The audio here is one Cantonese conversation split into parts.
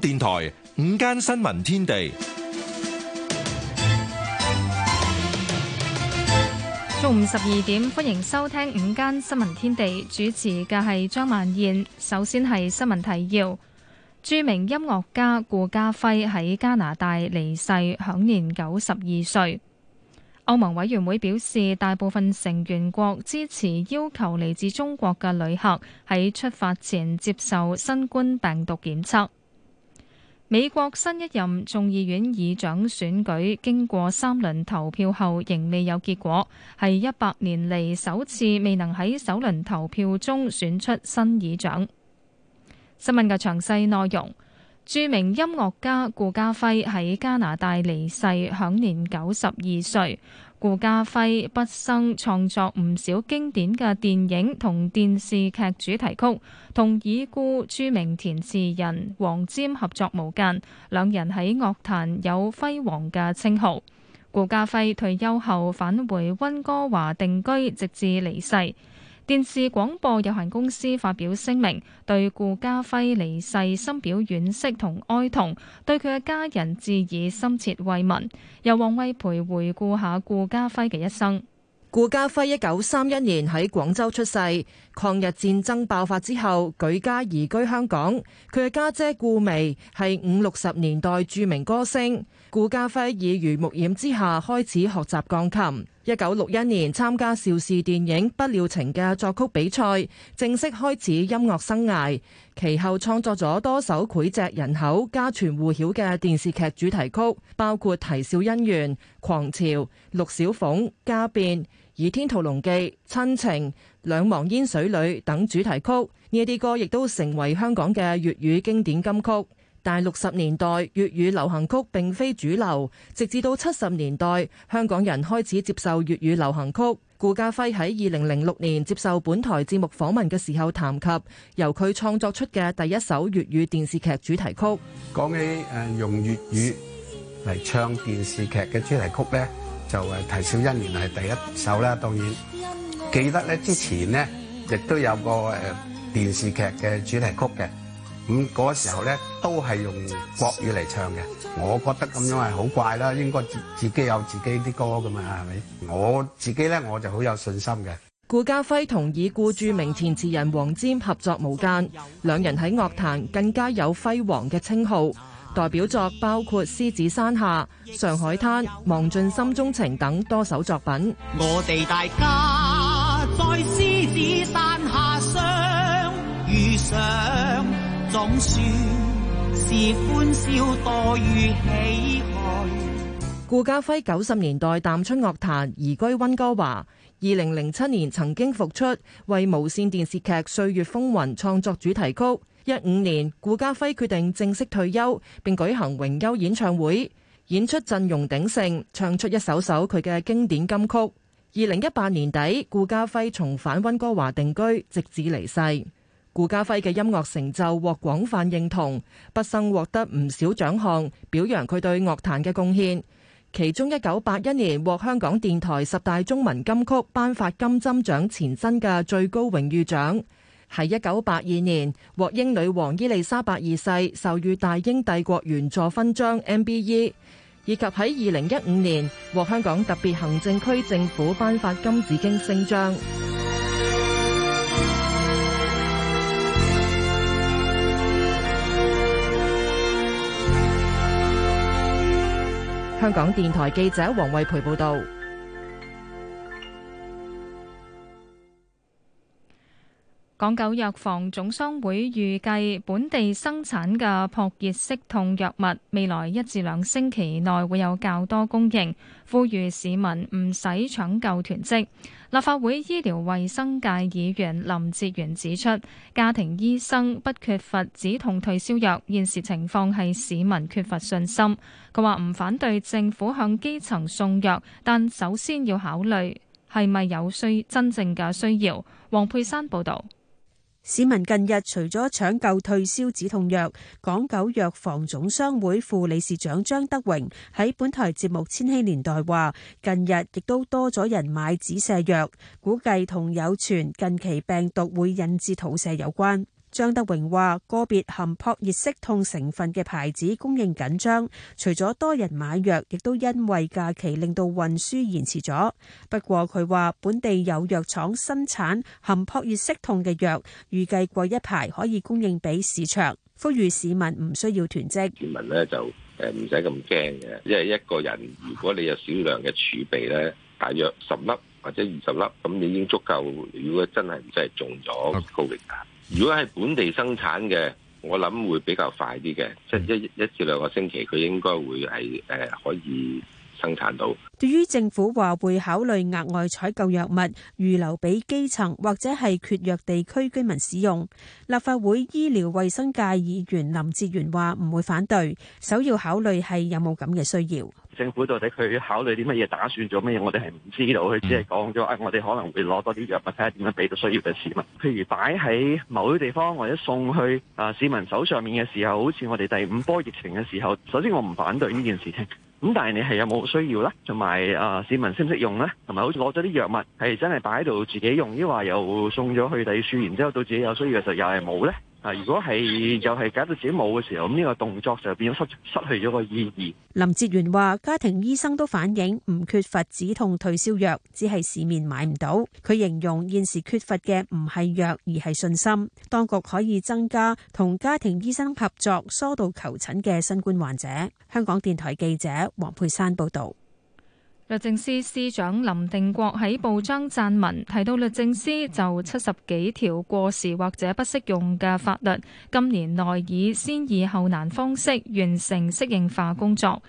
電台午間新聞天地，中午十二點，歡迎收聽午間新聞天地。主持嘅係張曼燕。首先係新聞提要：著名音樂家顧嘉煇喺加拿大離世，享年九十二歲。歐盟委員會表示，大部分成員國支持要求嚟自中國嘅旅客喺出發前接受新冠病毒檢測。美國新一任眾議院議長選舉經過三輪投票後仍未有結果，係一百年嚟首次未能喺首輪投票中選出新議長。新聞嘅詳細內容：著名音樂家顧嘉煇喺加拿大離世，享年九十二歲。顧嘉輝畢生創作唔少經典嘅電影同電視劇主題曲，同已故著名填詞人黃霑合作無間，兩人喺樂壇有輝煌嘅稱號。顧嘉輝退休後返回溫哥華定居，直至離世。電視廣播有限公司發表聲明，對顧嘉輝離世深表惋惜同哀痛，對佢嘅家人致以深切慰問。由王威培回顧下顧嘉輝嘅一生。顧嘉輝一九三一年喺廣州出世，抗日戰爭爆發之後舉家移居香港。佢嘅家姐顧媚係五六十年代著名歌星。顧嘉輝以耳濡目染之下開始學習鋼琴，一九六一年參加邵氏電影《不了情》嘅作曲比賽，正式開始音樂生涯。其後創作咗多首膾炙人口、家傳戶曉嘅電視劇主題曲，包括《啼笑姻緣》《狂潮》《陸小鳳》《家變》《倚天屠龍記》《親情》《兩忘煙水裏》等主題曲。呢啲歌亦都成為香港嘅粵語經典金曲。但六十年代粵語流行曲並非主流，直至到七十年代，香港人開始接受粵語流行曲。顧嘉輝喺二零零六年接受本台節目訪問嘅時候談及由佢創作出嘅第一首粵語電視劇主題曲。講起誒用粵語嚟唱電視劇嘅主題曲咧，就誒《啼笑姻緣》係第一首啦。當然記得咧，之前咧亦都有個誒電視劇嘅主題曲嘅。咁嗰時候呢，都係用國語嚟唱嘅。我覺得咁樣係好怪啦，應該自自己有自己啲歌㗎嘛，係咪？我自己呢，我就好有信心嘅。顧嘉煇同已故著名填詞人黃霑合作無間，兩人喺樂壇更加有輝煌嘅稱號。代表作包括《獅子山下》、《上海灘》、《望盡心中情》等多首作品。我哋大家在獅子山下相遇上。總算是歡笑多於喜害。顧家輝九十年代淡出樂壇，移居温哥華。二零零七年曾經復出，為無綫電視劇《歲月風雲》創作主題曲。一五年，顧家輝決定正式退休，並舉行榮休演唱會，演出陣容鼎盛，唱出一首首佢嘅經典金曲。二零一八年底，顧家輝重返温哥華定居，直至離世。顧嘉煇嘅音樂成就獲廣泛認同，畢生獲不生獲得唔少獎項，表揚佢對樂壇嘅貢獻。其中一九八一年獲香港電台十大中文金曲頒發金針獎前身嘅最高榮譽獎，喺一九八二年獲英女王伊麗莎白二世授予大英帝國員佐勳章 M.B.E.，以及喺二零一五年獲香港特別行政區政府頒發金紫荊星章。香港電台記者黃慧培報道。港九藥房總商會預計本地生產嘅撲熱息痛藥物未來一至兩星期內會有較多供應，呼籲市民唔使搶購囤積。立法會醫療衛生界議員林哲玄指出，家庭醫生不缺乏止痛退燒藥，現時情況係市民缺乏信心。佢話唔反對政府向基層送藥，但首先要考慮係咪有需真正嘅需要。黃佩珊報導。市民近日除咗搶購退燒止痛藥，港九藥房總商會副理事長張德榮喺本台節目《千禧年代》話：近日亦都多咗人買止瀉藥，估計同有傳近期病毒會引致吐瀉有關。張德榮話：個別含撲熱息痛成分嘅牌子供應緊張，除咗多人買藥，亦都因為假期令到運輸延遲咗。不過佢話本地有藥廠生產含撲熱息痛嘅藥，預計過一排可以供應俾市場。呼籲市民唔需要囤積。市民呢就誒唔使咁驚嘅，因為一個人如果你有少量嘅儲備呢，大約十粒或者二十粒，咁你已經足夠。如果真係唔使係中咗高熱。如果係本地生產嘅，我諗會比較快啲嘅，即係一一至兩個星期，佢應該會係誒可以生產到。對於政府話會考慮額外採購藥物，預留俾基層或者係缺藥地區居民使用，立法會醫療衛生界議員林志源話唔會反對，首要考慮係有冇咁嘅需要。政府到底佢考慮啲乜嘢打算做乜嘢？我哋係唔知道，佢只係講咗啊！我哋可能會攞多啲藥物睇下點樣俾到需要嘅市民。譬如擺喺某啲地方，或者送去啊、呃、市民手上面嘅時候，好似我哋第五波疫情嘅時候。首先我唔反對呢件事情，咁但係你係有冇需要咧？同埋啊市民識唔識用咧？同埋好似攞咗啲藥物係真係擺喺度自己用，抑或又送咗去第二處，然之後到自己有需要嘅時候，又係冇咧？啊！如果係又係搞到自己冇嘅時候，咁呢個動作就變咗失失去咗個意義。林哲源話：家庭醫生都反映唔缺乏止痛退燒藥，只係市面買唔到。佢形容現時缺乏嘅唔係藥，而係信心。當局可以增加同家庭醫生合作，疏導求診嘅新冠患者。香港電台記者黃佩珊報導。律政司司長林定國喺報章撰文提到，律政司就七十幾條過時或者不適用嘅法律，今年內以先易後難方式完成適應化工作。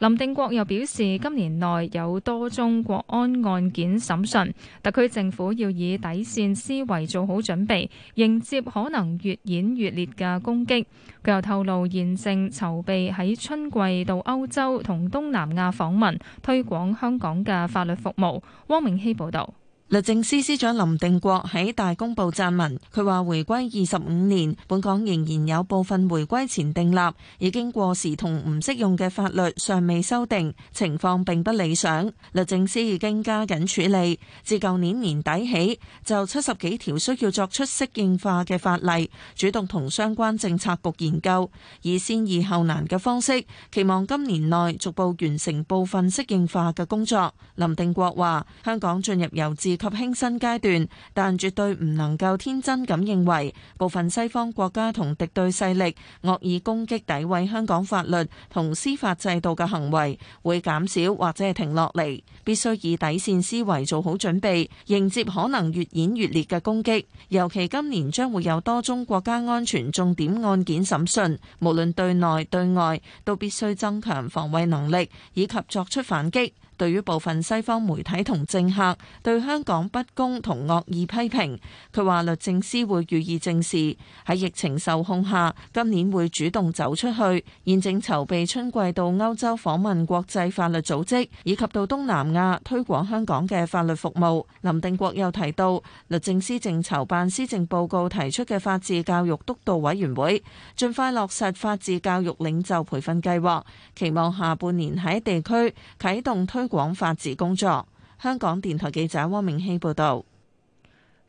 林定國又表示，今年內有多宗國安案件審訊，特區政府要以底線思維做好準備，迎接可能越演越烈嘅攻擊。佢又透露現正籌備喺春季到歐洲同東南亞訪問，推廣香港嘅法律服務。汪明熙報導。律政司司長林定國喺大公報撰文，佢話回歸二十五年，本港仍然有部分回歸前訂立、已經過時同唔適用嘅法律尚未修訂，情況並不理想。律政司已經加緊處理，自舊年年底起就七十幾條需要作出適應化嘅法例，主動同相關政策局研究，以先易後難嘅方式，期望今年內逐步完成部分適應化嘅工作。林定國話：香港進入由治及興新階段，但絕對唔能夠天真咁認為部分西方國家同敵對勢力惡意攻擊、詆毀香港法律同司法制度嘅行為會減少或者係停落嚟，必須以底線思維做好準備，迎接可能越演越烈嘅攻擊。尤其今年將會有多宗國家安全重點案件審訊，無論對內對外，都必須增強防衛能力以及作出反擊。對於部分西方媒體同政客對香港不公同惡意批評，佢話律政司會予以正視。喺疫情受控下，今年會主動走出去，現正籌備春季到歐洲訪問國際法律組織，以及到東南亞推廣香港嘅法律服務。林定國又提到，律政司正籌辦施政報告提出嘅法治教育督導委員會，盡快落實法治教育領袖培訓計劃，期望下半年喺地區啓動推。廣法治工作。香港電台記者汪明熙報道，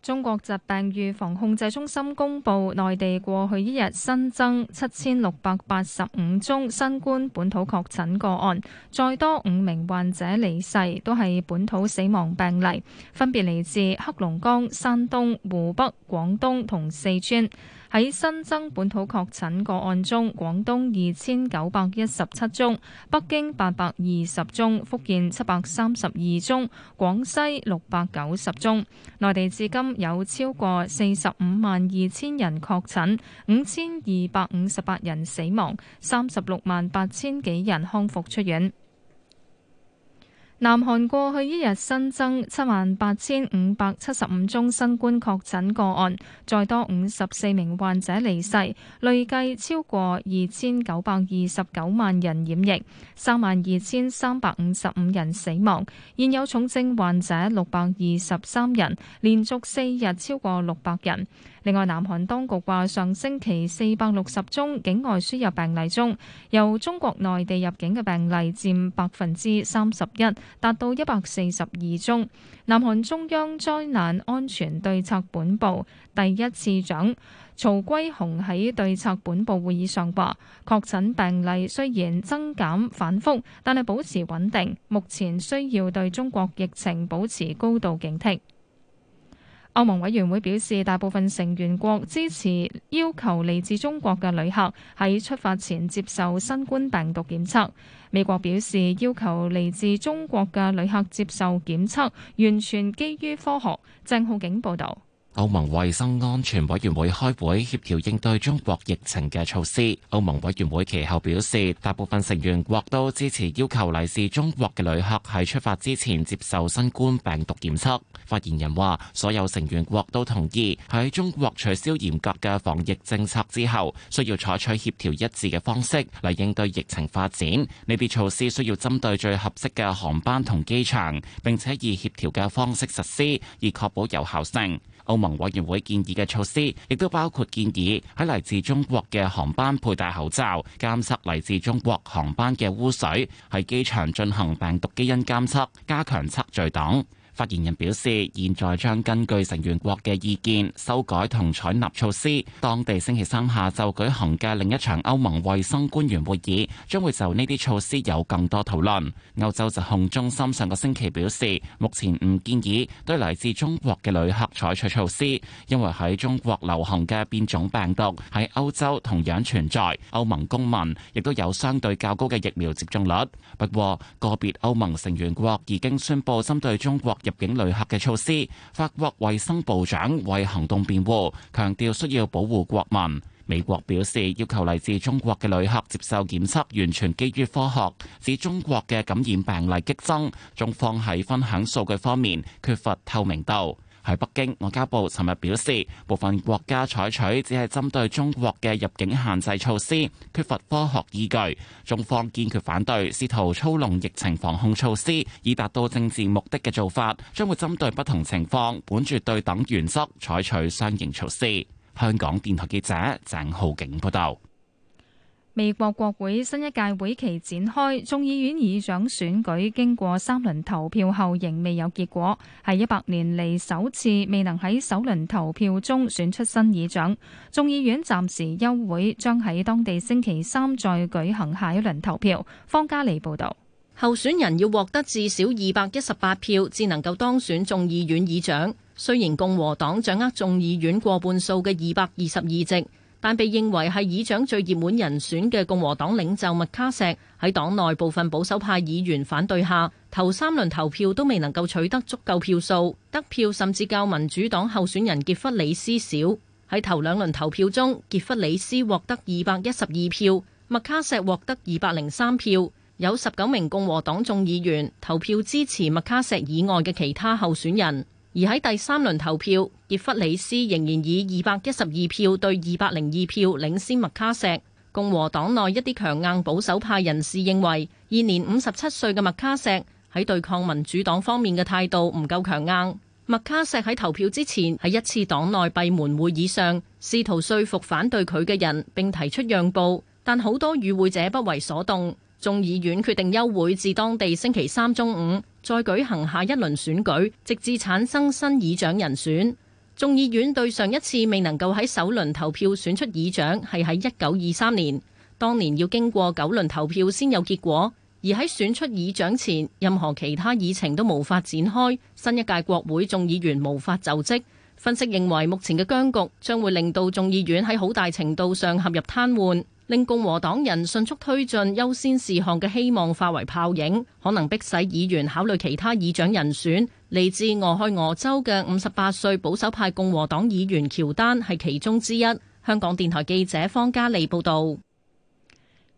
中國疾病預防控制中心公布，內地過去一日新增七千六百八十五宗新冠本土確診個案，再多五名患者離世，都係本土死亡病例，分別嚟自黑龍江、山東、湖北、廣東同四川。喺新增本土確診個案中，廣東二千九百一十七宗，北京八百二十宗，福建七百三十二宗，廣西六百九十宗。內地至今有超過四十五萬二千人確診，五千二百五十八人死亡，三十六萬八千幾人康復出院。南韓過去一日新增七萬八千五百七十五宗新冠確診個案，再多五十四名患者離世，累計超過二千九百二十九萬人染疫，三萬二千三百五十五人死亡。現有重症患者六百二十三人，連續四日超過六百人。另外，南韓當局話，上星期四百六十宗境外輸入病例中，由中國內地入境嘅病例佔百分之三十一。達到一百四十二宗。南韓中央災難安全對策本部第一次長曹圭雄喺對策本部會議上話：確診病例雖然增減反覆，但係保持穩定。目前需要對中國疫情保持高度警惕。歐盟委員會表示，大部分成員國支持要求嚟自中國嘅旅客喺出發前接受新冠病毒檢測。美國表示，要求嚟自中國嘅旅客接受檢測，完全基於科學。鄭浩景報道，歐盟衛生安全委員會開會協調應對中國疫情嘅措施。歐盟委員會其後表示，大部分成員國都支持要求嚟自中國嘅旅客喺出發之前接受新冠病毒檢測。發言人話：所有成員國都同意喺中國取消嚴格嘅防疫政策之後，需要採取協調一致嘅方式嚟應對疫情發展。呢啲措施需要針對最合適嘅航班同機場，並且以協調嘅方式實施，以確保有效性。歐盟委員會建議嘅措施，亦都包括建議喺嚟自中國嘅航班佩戴口罩、監測嚟自中國航班嘅污水、喺機場進行病毒基因監測、加強測序等。發言人表示，現在將根據成員國嘅意見修改同採納措施。當地星期三下晝舉行嘅另一場歐盟衛生官員會議，將會就呢啲措施有更多討論。歐洲疾控中心上個星期表示，目前唔建議對嚟自中國嘅旅客採取措施，因為喺中國流行嘅變種病毒喺歐洲同樣存在。歐盟公民亦都有相對較高嘅疫苗接種率。不過，個別歐盟成員國已經宣佈針對中國入入境旅客嘅措施，法國衛生部長為行動辯護，強調需要保護國民。美國表示要求嚟自中國嘅旅客接受檢測，完全基於科學。指中國嘅感染病例激增，中方喺分享數據方面缺乏透明度。喺北京，外交部尋日表示，部分國家採取只係針對中國嘅入境限制措施，缺乏科學依據。中方堅決反對，試圖操弄疫情防控措施，以達到政治目的嘅做法，將會針對不同情況，本住對等原則，採取相應措施。香港電台記者鄭浩景報道。美國國會新一屆會期展開，眾議院議長選舉經過三輪投票後仍未有結果，係一百年嚟首次未能喺首輪投票中選出新議長。眾議院暫時休會，將喺當地星期三再舉行下一輪投票。方嘉利報道，候選人要獲得至少二百一十八票至能夠當選眾議院議長。雖然共和黨掌握眾議院過半數嘅二百二十二席。但被認為係議長最熱門人選嘅共和黨領袖麥卡錫喺黨內部分保守派議員反對下，頭三輪投票都未能夠取得足夠票數，得票甚至較民主黨候選人傑弗里斯少。喺頭兩輪投票中，傑弗里斯獲得二百一十二票，麥卡錫獲得二百零三票，有十九名共和黨眾議員投票支持麥卡錫以外嘅其他候選人。而喺第三輪投票，葉弗里斯仍然以二百一十二票對二百零二票領先麥卡錫。共和黨內一啲強硬保守派人士認為，現年五十七歲嘅麥卡錫喺對抗民主黨方面嘅態度唔夠強硬。麥卡錫喺投票之前喺一次黨內閉門會議上，試圖說服反對佢嘅人並提出讓步，但好多與會者不為所動。眾議院決定休會至當地星期三中午，再舉行下一輪選舉，直至產生新議長人選。眾議院對上一次未能夠喺首輪投票選出議長，係喺一九二三年，當年要經過九輪投票先有結果，而喺選出議長前，任何其他議程都無法展開，新一屆國會眾議員無法就職。分析認為，目前嘅僵局將會令到眾議院喺好大程度上陷入癱瘓。令共和黨人迅速推進優先事項嘅希望化為泡影，可能迫使議員考慮其他議長人選。嚟自俄亥俄州嘅五十八歲保守派共和黨議員喬丹係其中之一。香港電台記者方嘉利報道。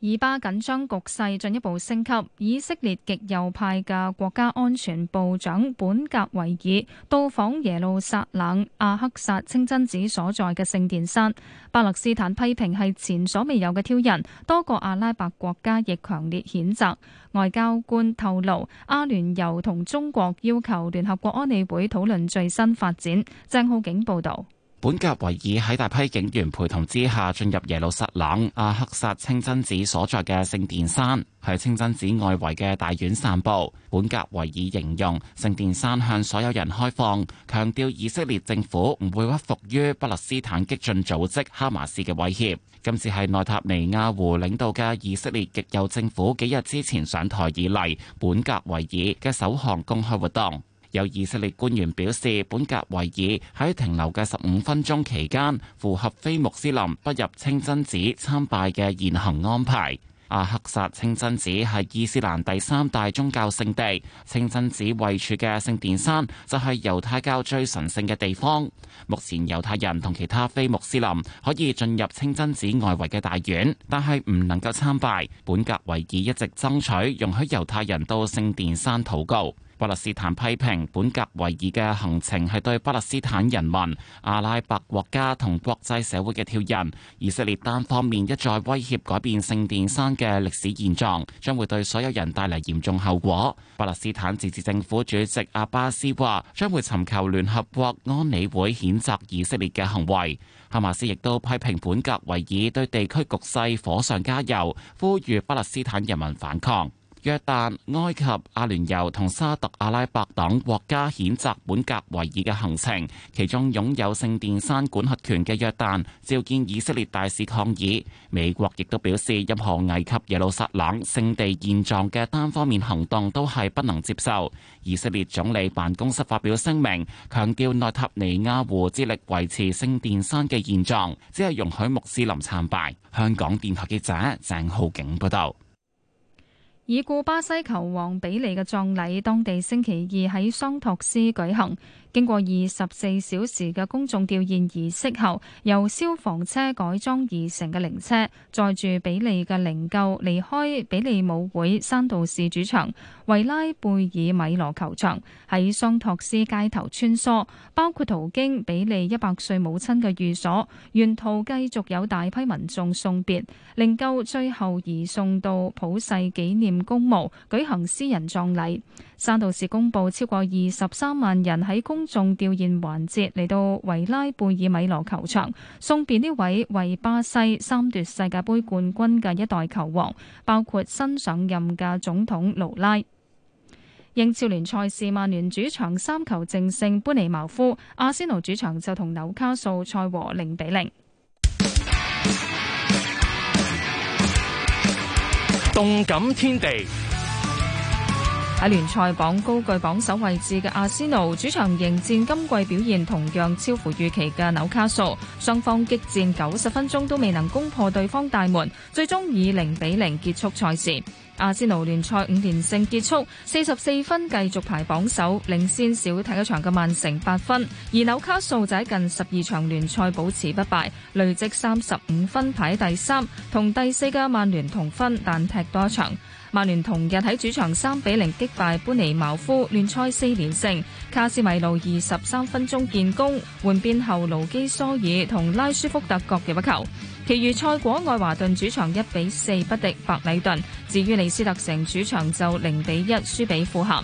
以巴緊張局勢進一步升級，以色列極右派嘅國家安全部長本格維爾到訪耶路撒冷阿克薩清真寺所在嘅聖殿山，巴勒斯坦批評係前所未有嘅挑釁，多個阿拉伯國家亦強烈譴責。外交官透露，阿聯酋同中國要求聯合國安理會討論最新發展。鄭浩景報道。本格維爾喺大批警員陪同之下進入耶路撒冷阿克薩清真寺所在嘅聖殿山，喺清真寺外圍嘅大院散步。本格維爾形容聖殿山向所有人開放，強調以色列政府唔會屈服於巴勒斯坦激進組織哈馬斯嘅威脅。今次係內塔尼亞胡領導嘅以色列極右政府幾日之前上台以嚟，本格維爾嘅首項公開活動。有以色列官員表示，本格維爾喺停留嘅十五分鐘期間，符合非穆斯林不入清真寺參拜嘅現行安排。阿克薩清真寺係伊斯蘭第三大宗教聖地，清真寺位處嘅聖殿山就係猶太教最神聖嘅地方。目前猶太人同其他非穆斯林可以進入清真寺外圍嘅大院，但係唔能夠參拜。本格維爾一直爭取容許猶太人到聖殿山禱告。巴勒斯坦批評本格維爾嘅行程係對巴勒斯坦人民、阿拉伯國家同國際社會嘅挑釁。以色列單方面一再威脅改變聖殿山嘅歷史現狀，將會對所有人帶嚟嚴重後果。巴勒斯坦自治政府主席阿巴斯話，將會尋求聯合國安理會譴責以色列嘅行為。哈馬斯亦都批評本格維爾對地區局勢火上加油，呼籲巴勒斯坦人民反抗。約旦、埃及、阿聯酋同沙特阿拉伯等國家譴責本格維爾嘅行程，其中擁有聖殿山管轄權嘅約旦召見以色列大使抗議。美國亦都表示，任何危及耶路撒冷聖地現狀嘅單方面行動都係不能接受。以色列總理辦公室發表聲明，強調內塔尼亞胡致力維持聖殿山嘅現狀，只係容許穆斯林參拜。香港電台記者鄭浩景報道。已故巴西球王比利嘅葬禮，當地星期二喺桑托斯舉行。經過二十四小時嘅公眾吊唁儀式後，由消防車改裝而成嘅靈車載住比利嘅靈柩離開比利母會山道士主場維拉貝爾米羅球場，喺桑托斯街頭穿梭，包括途經比利一百歲母親嘅寓所。沿途繼續有大批民眾送別，靈柩最後移送到普世紀念公墓舉行私人葬禮。山度士公布超過二十三萬人喺公眾弔唁環節嚟到維拉貝爾米羅球場送別呢位為巴西三奪世界盃冠軍嘅一代球王，包括新上任嘅總統盧拉。英超聯賽事曼聯主場三球正勝，般尼茅夫；阿仙奴主場就同紐卡素賽和零比零。動感天地。喺聯賽榜高居榜首位置嘅阿仙奴主場迎戰今季表現同樣超乎預期嘅紐卡素，雙方激戰九十分鐘都未能攻破對方大門，最終以零比零結束賽事。阿仙奴聯賽五連勝結束，四十四分繼續排榜首，領先少踢一場嘅曼城八分。而紐卡素就喺近十二場聯賽保持不敗，累積三十五分排第三，同第四嘅曼聯同分，但踢多一場。曼聯同日喺主場三比零擊敗般尼茅夫，亂賽四連勝。卡斯米路二十三分鐘建功，換邊後盧基蘇爾同拉舒福特各入一球。其餘賽果：愛華頓主場一比四不敵白里頓；至於利斯特城主場就零比一輸俾富咸。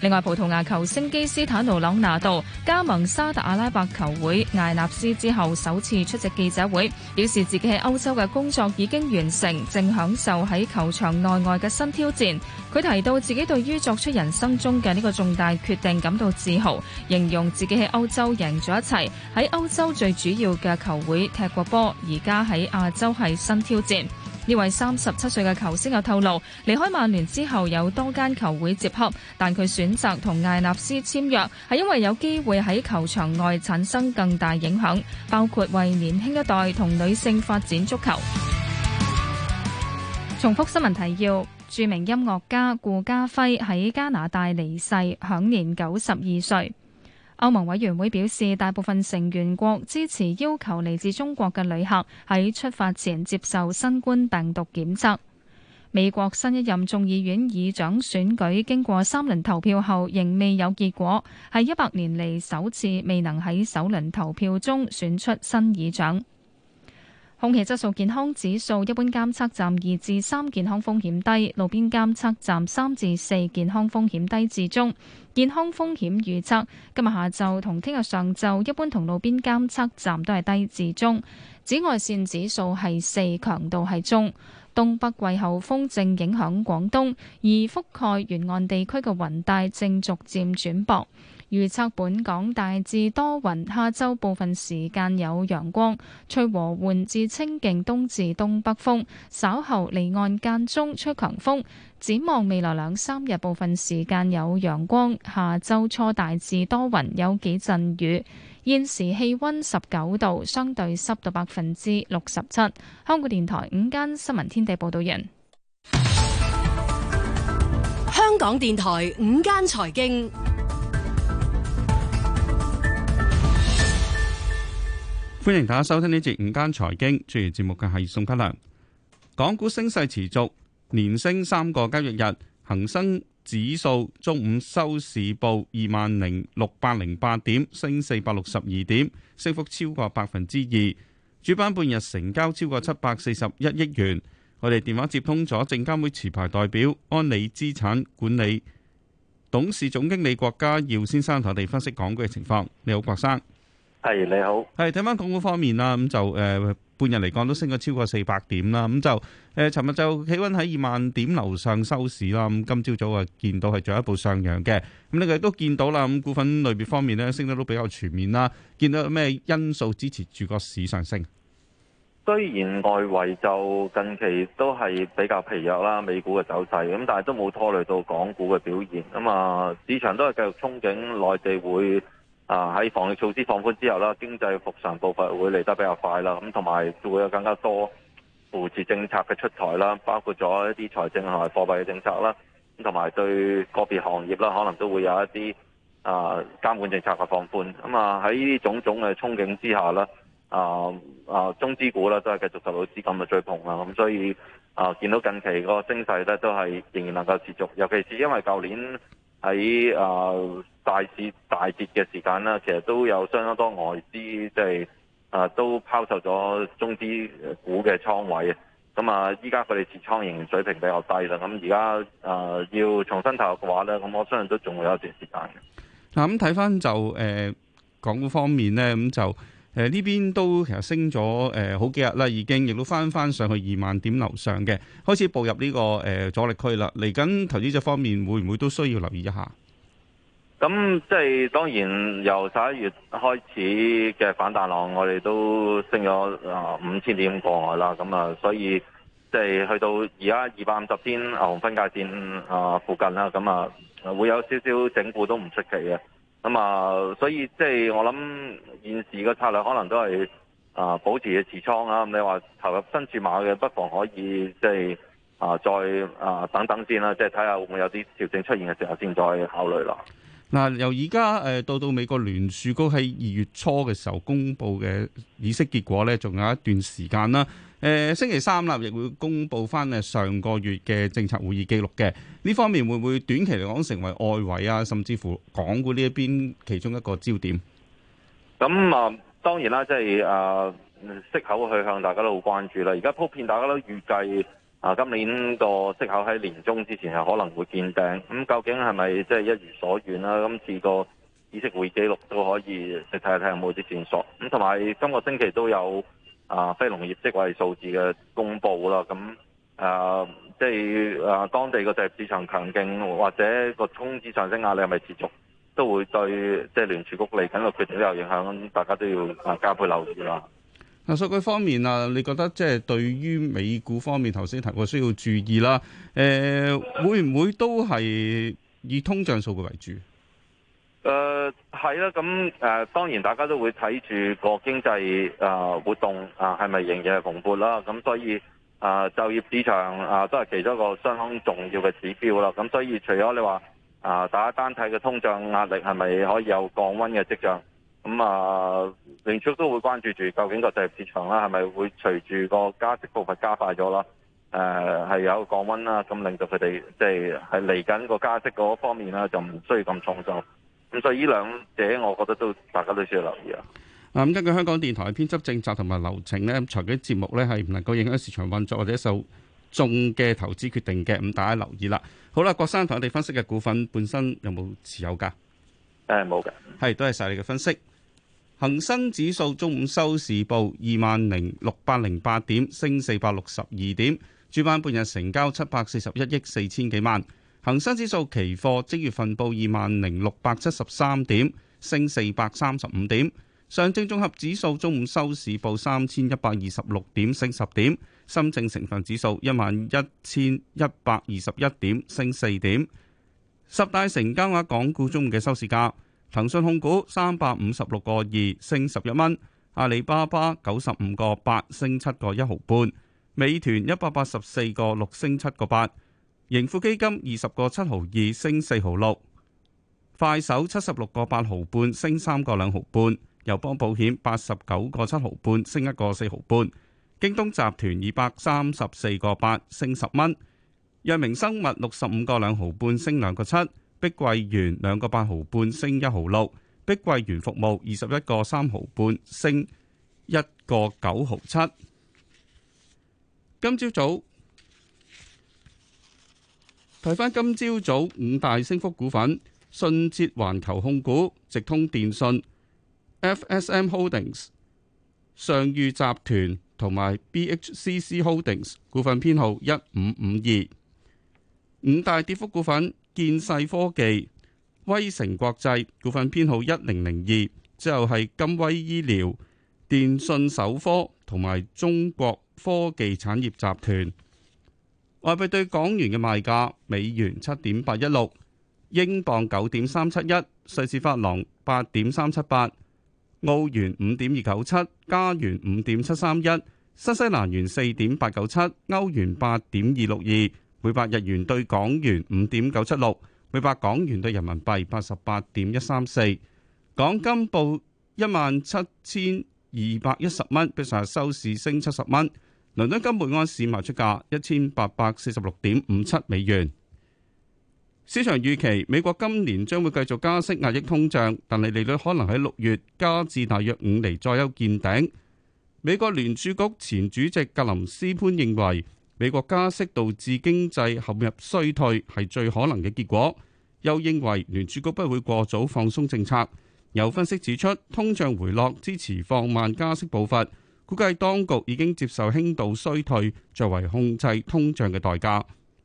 另外，葡萄牙球星基斯坦奴·朗拿度加盟沙特阿拉伯球會艾納斯之後，首次出席記者會，表示自己喺歐洲嘅工作已經完成，正享受喺球場內外嘅新挑戰。佢提到自己對於作出人生中嘅呢個重大決定感到自豪，形容自己喺歐洲贏咗一切，喺歐洲最主要嘅球會踢過波，而家喺亞洲係新挑戰。呢位三十七歲嘅球星有透露，離開曼聯之後有多間球會接洽，但佢選擇同艾納斯簽約，係因為有機會喺球場外產生更大影響，包括為年輕一代同女性發展足球。重複新聞提要：著名音樂家顧家輝喺加拿大離世，享年九十二歲。歐盟委員會表示，大部分成員國支持要求嚟自中國嘅旅客喺出發前接受新冠病毒檢測。美國新一任眾議院議長選舉經過三輪投票後仍未有結果，係一百年嚟首次未能喺首輪投票中選出新議長。空氣質素健康指數一般監測站二至三，健康風險低；路邊監測站三至四，健康風險低至中。健康風險預測今日下晝同聽日上晝一般同路邊監測站都係低至中。紫外線指數係四，強度係中。東北季候風正影響廣東，而覆蓋沿岸地區嘅雲帶正逐漸轉薄。預測本港大致多雲，下周部分時間有陽光，吹和緩至清勁東至東北風，稍後離岸間中吹強風。展望未來兩三日部分時間有陽光，下周初大致多雲，有幾陣雨。現時氣溫十九度，相對濕度百分之六十七。香港電台午間新聞天地報道，完，香港電台午間財經。歡迎大家收聽呢節午間財經，主持節目嘅係宋嘉良。港股升勢持續，連升三個交易日，恒生指數中午收市報二萬零六百零八點，升四百六十二點，升幅超過百分之二。主板半日成交超過七百四十一億元。我哋電話接通咗證監會持牌代表安理資產管理董事總經理郭家耀先生同我哋分析港股嘅情況。你好，郭生。係你好，係睇翻港股方面啦，咁、嗯、就誒、呃，半日嚟講都升咗超過四百點啦，咁、嗯、就誒，尋、呃、日就企穩喺二萬點樓上收市啦，咁、嗯、今朝早啊見到係進一步上揚嘅，咁、嗯、你哋都見到啦，咁、嗯、股份類別方面咧升得都比較全面啦，見到有咩因素支持住個市上升？雖然外圍就近期都係比較疲弱啦，美股嘅走勢，咁但係都冇拖累到港股嘅表現，咁啊市場都係繼續憧憬內地會。啊！喺防疫措施放寬之後啦，經濟復常步伐會嚟得比較快啦。咁同埋會有更加多扶持政策嘅出台啦，包括咗一啲財政同埋貨幣嘅政策啦。咁同埋對個別行業啦，可能都會有一啲啊監管政策嘅放寬。咁啊喺呢種種嘅憧憬之下啦，啊啊中資股啦都係繼續受到資金嘅追捧啦。咁、啊、所以啊，見到近期個升勢咧都係仍然能夠持續，尤其是因為舊年。喺啊大市大跌嘅時間啦，其實都有相當多外資即係啊都拋售咗中資股嘅倉位，咁啊依家佢哋持倉型水平比較低啦，咁而家啊要重新投入嘅話咧，咁我相信都仲會有一段時間嘅。嗱，咁睇翻就誒港股方面咧，咁就。誒，呢邊、呃、都其實升咗誒、呃、好幾日啦，已經亦都返返上去二萬點樓上嘅，開始步入呢、這個誒、呃、阻力區啦。嚟緊投資者方面會唔會都需要留意一下？咁、嗯、即係當然由十一月開始嘅反彈浪，我哋都升咗啊五千點過啦。咁、嗯、啊，所以即係去到而家二百五十天牛、呃、分界線啊、呃、附近啦，咁、嗯、啊、嗯、會有少少整固都唔出奇嘅。咁啊、嗯，所以即係我諗現時嘅策略可能都係啊、呃，保持嘅持倉啊。咁、嗯、你話投入新注碼嘅，不妨可以即係啊、呃，再啊、呃、等等先啦，即係睇下會唔會有啲調整出現嘅時候先再考慮啦。嗱、呃，由而家誒到到美國聯儲局喺二月初嘅時候公佈嘅議息結果咧，仲有一段時間啦。誒，星期三啦，亦會公布翻誒上個月嘅政策會議記錄嘅。呢方面會唔會短期嚟講成為外圍啊，甚至乎港股呢一邊其中一個焦點？咁啊，當然啦，即係啊息口去向大家都好關注啦。而家普遍大家都預計啊，今年個息口喺年中之前係可能會見頂。咁究竟係咪即係一如所願啦？今次個議息會記錄都可以睇下，睇有冇啲線索。咁同埋今個星期都有。啊，非農業職位數字嘅公布啦，咁啊，即係啊，當地個就業市場強勁或者個通資上升壓力係咪持續，都會對即係聯儲局嚟緊嘅決定有影響，大家都要啊加倍留意啦。嗱、啊，數據方面啊，你覺得即係對於美股方面，頭先提過需要注意啦，誒、啊，會唔會都係以通脹數據為主？啊係啦，咁誒、 嗯、當然大家都會睇住個經濟誒活動啊，係咪仍然係蓬勃啦？咁所以誒、呃、就業市場啊，都係其中一個相當重要嘅指標啦。咁所以除咗你話啊，大、呃、家單睇嘅通脹壓力係咪可以有降溫嘅跡象？咁啊，聯、呃、儲都會關注住究竟個就業市場啦，係咪會隨住個加息步伐加快咗啦？誒、呃、係有降溫啦，咁令到佢哋即係係嚟緊個加息嗰方面啦，就唔需要咁重收。咁所以呢兩者，我覺得都大家都需要留意啊。嗱，咁根據香港電台嘅編輯政策同埋流程呢，咁財經節目呢係唔能夠影響市場運作或者受眾嘅投資決定嘅，咁大家留意啦。好啦，郭生同我哋分析嘅股份本身有冇持有噶？誒、嗯，冇噶。係，多謝晒你嘅分析。恒生指數中午收市報二萬零六百零八點，升四百六十二點。主板半日成交七百四十一億四千幾萬。恒生指數期貨即月份報二萬零六百七十三點，升四百三十五點。上證綜合指數中午收市報三千一百二十六點，升十點。深證成分指數一萬一千一百二十一點，升四點。十大成交額港股中午嘅收市價：騰訊控股三百五十六個二，升十一蚊；阿里巴巴九十五個八，升七個一毫半；美團一百八十四個六，升七個八。盈富基金二十個七毫二升四毫六，快手七十六個八毫半升三個兩毫半，友邦保險八十九個七毫半升一個四毫半，京東集團二百三十四個八升十蚊，藥明生物六十五個兩毫半升兩個七，碧桂園兩個八毫半升一毫六，碧桂園服務二十一個三毫半升一個九毫七，今朝早。睇返今朝早，早五大升幅股份：信捷環球控股、直通電訊、FSM Holdings、尚譽集團同埋 BHCC Holdings 股份編號一五五二。五大跌幅股份：建世科技、威誠國際股份編號一零零二，之後係金威醫療、電信首科同埋中國科技產業集團。外幣對港元嘅賣價：美元七點八一六，英鎊九點三七一，瑞士法郎八點三七八，澳元五點二九七，加元五點七三一，新西蘭元四點八九七，歐元八點二六二，每百日元對港元五點九七六，每百港元對人民幣八十八點一三四。港金報一萬七千二百一十蚊，比上日收市升七十蚊。倫敦金本安市賣出價一千八百四十六點五七美元。市場預期美國今年將會繼續加息壓抑通脹，但係利率可能喺六月加至大約五厘左右見頂。美國聯儲局前主席格林斯潘認為，美國加息導致經濟陷入衰退係最可能嘅結果。又認為聯儲局不會過早放鬆政策。有分析指出，通脹回落支持放慢加息步伐。估計當局已經接受輕度衰退作為控制通脹嘅代價。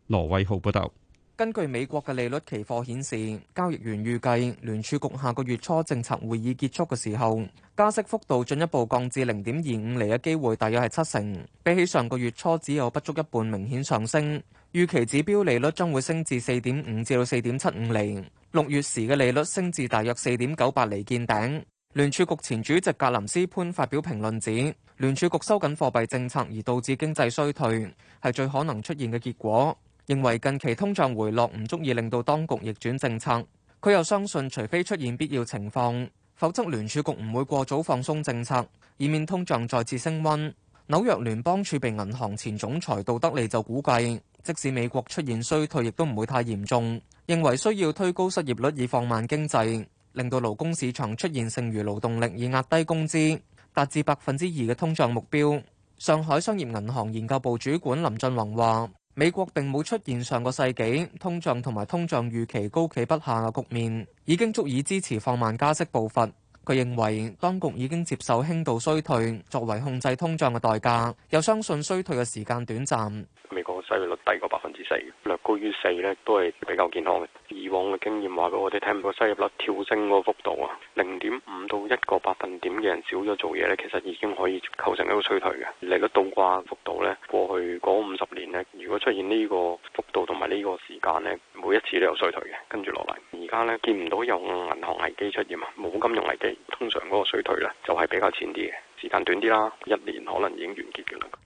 羅偉浩報道，根據美國嘅利率期貨顯示，交易員預計聯儲局下個月初政策會議結束嘅時候，加息幅度進一步降至零點二五厘嘅機會大約係七成，比起上個月初只有不足一半明顯上升。預期指標利率將會升至四點五至到四點七五厘，六月時嘅利率升至大約四點九八厘見頂。聯儲局前主席格林斯潘發表評論指，聯儲局收緊貨幣政策而導致經濟衰退係最可能出現嘅結果。認為近期通脹回落唔足以令到當局逆轉政策。佢又相信，除非出現必要情況，否則聯儲局唔會過早放鬆政策，以免通脹再次升溫。紐約聯邦儲備銀行前總裁杜德利就估計，即使美國出現衰退，亦都唔會太嚴重。認為需要推高失業率以放慢經濟。令到勞工市場出現剩餘勞動力，以壓低工資，達至百分之二嘅通脹目標。上海商業銀行研究部主管林俊宏話，美國並冇出現上個世紀通脹同埋通脹預期高企不下嘅局面，已經足以支持放慢加息步伐。佢認為當局已經接受輕度衰退作為控制通脹嘅代價，又相信衰退嘅時間短暫。美國失業率低過百分之四，略高於四呢都係比較健康嘅。以往嘅經驗話俾我哋聽，個失業率跳升個幅度啊，零點五到一個百分點嘅人少咗做嘢呢，其實已經可以構成一個衰退嘅。利率倒掛幅度呢，過去嗰五十年呢，如果出現呢個幅度同埋呢個時間呢，每一次都有衰退嘅，跟住落嚟。而家呢見唔到有銀行危機出現啊，冇金融危機，通常嗰個衰退呢，就係比較淺啲嘅。時間短啲啦，一年可能已經完結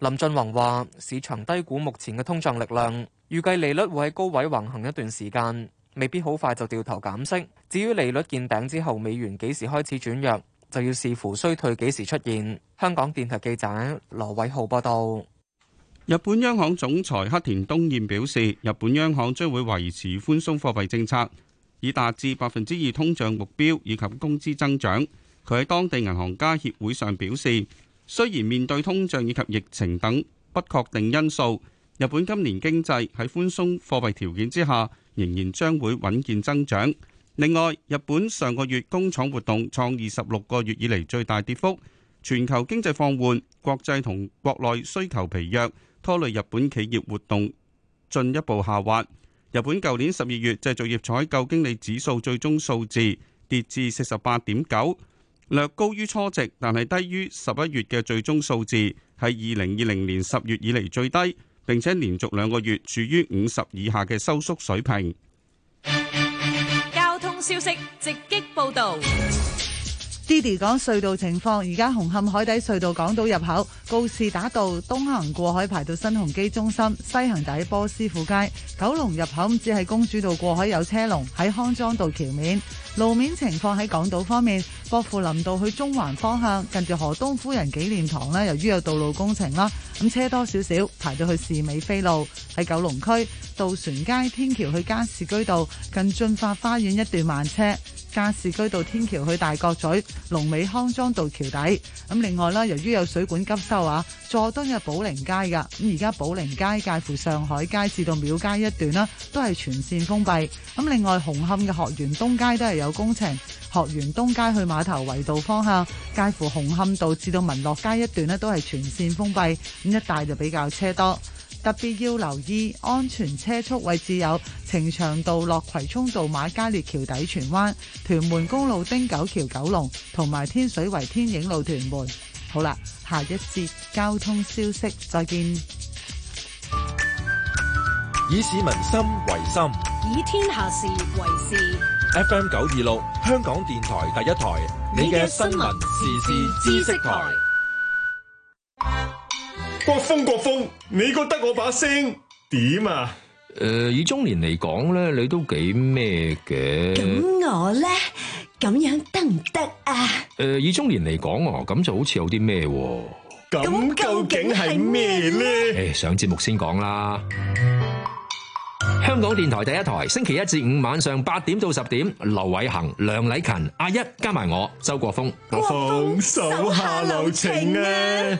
嘅。林俊宏話：市場低估目前嘅通脹力量，預計利率會喺高位橫行一段時間，未必好快就掉頭減息。至於利率見頂之後，美元幾時開始轉弱，就要視乎衰退幾時出現。香港電台記者羅偉浩報道。日本央行總裁黑田東彥表示，日本央行將會維持寬鬆貨幣政策，以達至百分之二通脹目標以及工資增長。佢喺當地銀行家協會上表示，雖然面對通脹以及疫情等不確定因素，日本今年經濟喺寬鬆貨幣條件之下，仍然將會穩健增長。另外，日本上個月工廠活動創二十六個月以嚟最大跌幅。全球經濟放緩，國際同國內需求疲弱，拖累日本企業活動進一步下滑。日本舊年十二月製造業採購經理指數最終數字跌至四十八點九。略高於初值，但係低於十一月嘅最終數字，係二零二零年十月以嚟最低，並且連續兩個月處於五十以下嘅收縮水平。交通消息直擊報導。爹哋講隧道情況，而家紅磡海底隧道港島入口告士打道東行過海排到新鴻基中心，西行就喺波斯富街。九龍入口只係公主道過海有車龍，喺康莊道橋面。路面情況，喺港島方面，薄扶林道去中環方向近住河東夫人紀念堂咧，由於有道路工程啦，咁車多少少排到去士美菲路。喺九龍區渡船街天橋去加士居道近駿發花園一段慢車。加士居道天橋去大角咀，龍尾康莊道橋底，咁另外啦，由於有水管急修，啊，佐敦嘅寶靈街，噶咁而家寶靈街介乎上海街至到廟街一段啦，都係全綫封閉。咁另外紅磡嘅學園東街都係有工程，學園東街去碼頭圍道方向介乎紅磡道至到民樂街一段咧，都係全綫封閉，咁一帶就比較車多。特別要留意安全車速位置有呈祥道、落葵涌道、馬嘉烈橋底、荃灣、屯門公路、丁九橋、九龍同埋天水圍天影路、屯門。好啦，下一節交通消息，再見。以市民心為心，以天下事為事。F M 九二六，香港電台第一台，你嘅新聞時事知識台。國峰，國峰，你覺得我把聲點啊？誒，以中年嚟講咧，你都幾咩嘅？咁我咧，咁樣得唔得啊？誒，以中年嚟講哦，咁就好似有啲咩？咁究竟係咩咧？誒，上節目先講啦。香港電台第一台，星期一至五晚上八點到十點，劉偉恒、梁禮勤、阿一加埋我，周國峰，國峰手下留情啊！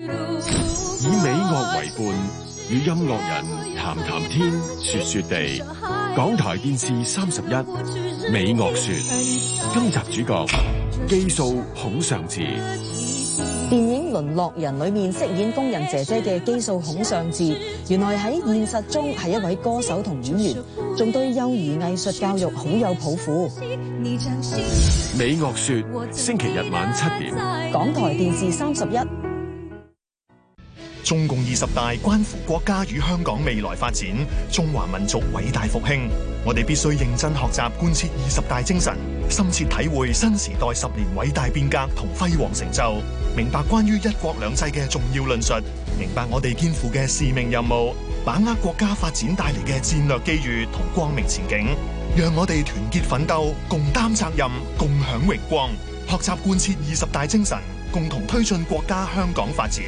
以美樂為伴，與音樂人談談天，說說地。港台電視三十一，美樂說。今集主角姬素孔尚治，電影《淪落人》裏面飾演工人姐姐嘅姬素孔尚治，原來喺現實中係一位歌手同演員，仲對幼兒藝術教育好有抱負。美樂說，星期日晚七點，港台電視三十一。中共二十大關乎國家與香港未來發展，中華民族偉大復興。我哋必須認真學習貫徹二十大精神，深切體會新時代十年偉大變革同輝煌成就，明白關於一國兩制嘅重要論述，明白我哋肩負嘅使命任務，把握國家發展帶嚟嘅戰略機遇同光明前景，讓我哋團結奮鬥，共擔責任，共享榮光，學習貫徹二十大精神，共同推進國家香港發展。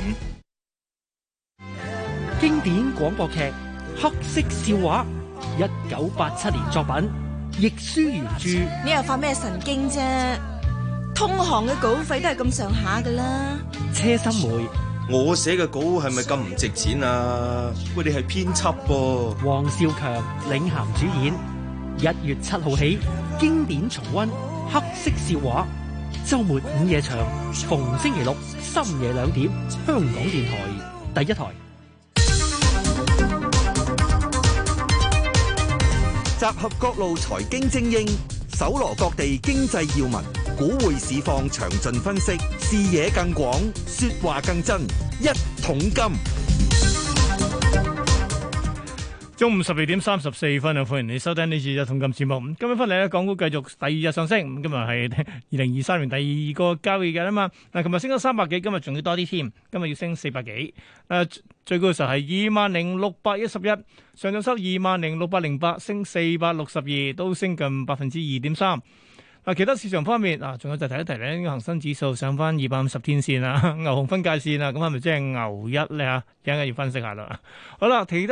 經典廣播劇《黑色笑話》，一九八七年作品，亦舒原著。你又發咩神經啫？通行嘅稿費都係咁上下噶啦。車心梅，我寫嘅稿係咪咁唔值錢啊？喂，你係編輯噃。黃少強領銜主演，一月七號起，經典重溫《黑色笑話》，周末午夜場，逢星期六深夜兩點，香港電台第一台。集合各路財經精英，搜羅各地經濟要聞，股匯市況詳盡分析，視野更廣，說話更真。一桶金，中午十二點三十四分啊！歡迎你收聽呢次一桶金節目。今日翻嚟咧，港股繼續第二日上升。今日係二零二三年第二個交易日啊嘛。嗱，琴日升咗三百幾，今日仲要多啲添，今日要升四百幾。誒。最高嘅時候係二萬零六百一十一，上漲，收二萬零六百零八，升四百六十二，都升近百分之二點三。嗱、啊，其他市場方面，嗱、啊，仲有就提一提咧，恒生指數上翻二百五十天線啦、啊，牛熊分界線啦、啊，咁係咪即係牛一咧？吓，一陣間要分析下啦。好啦，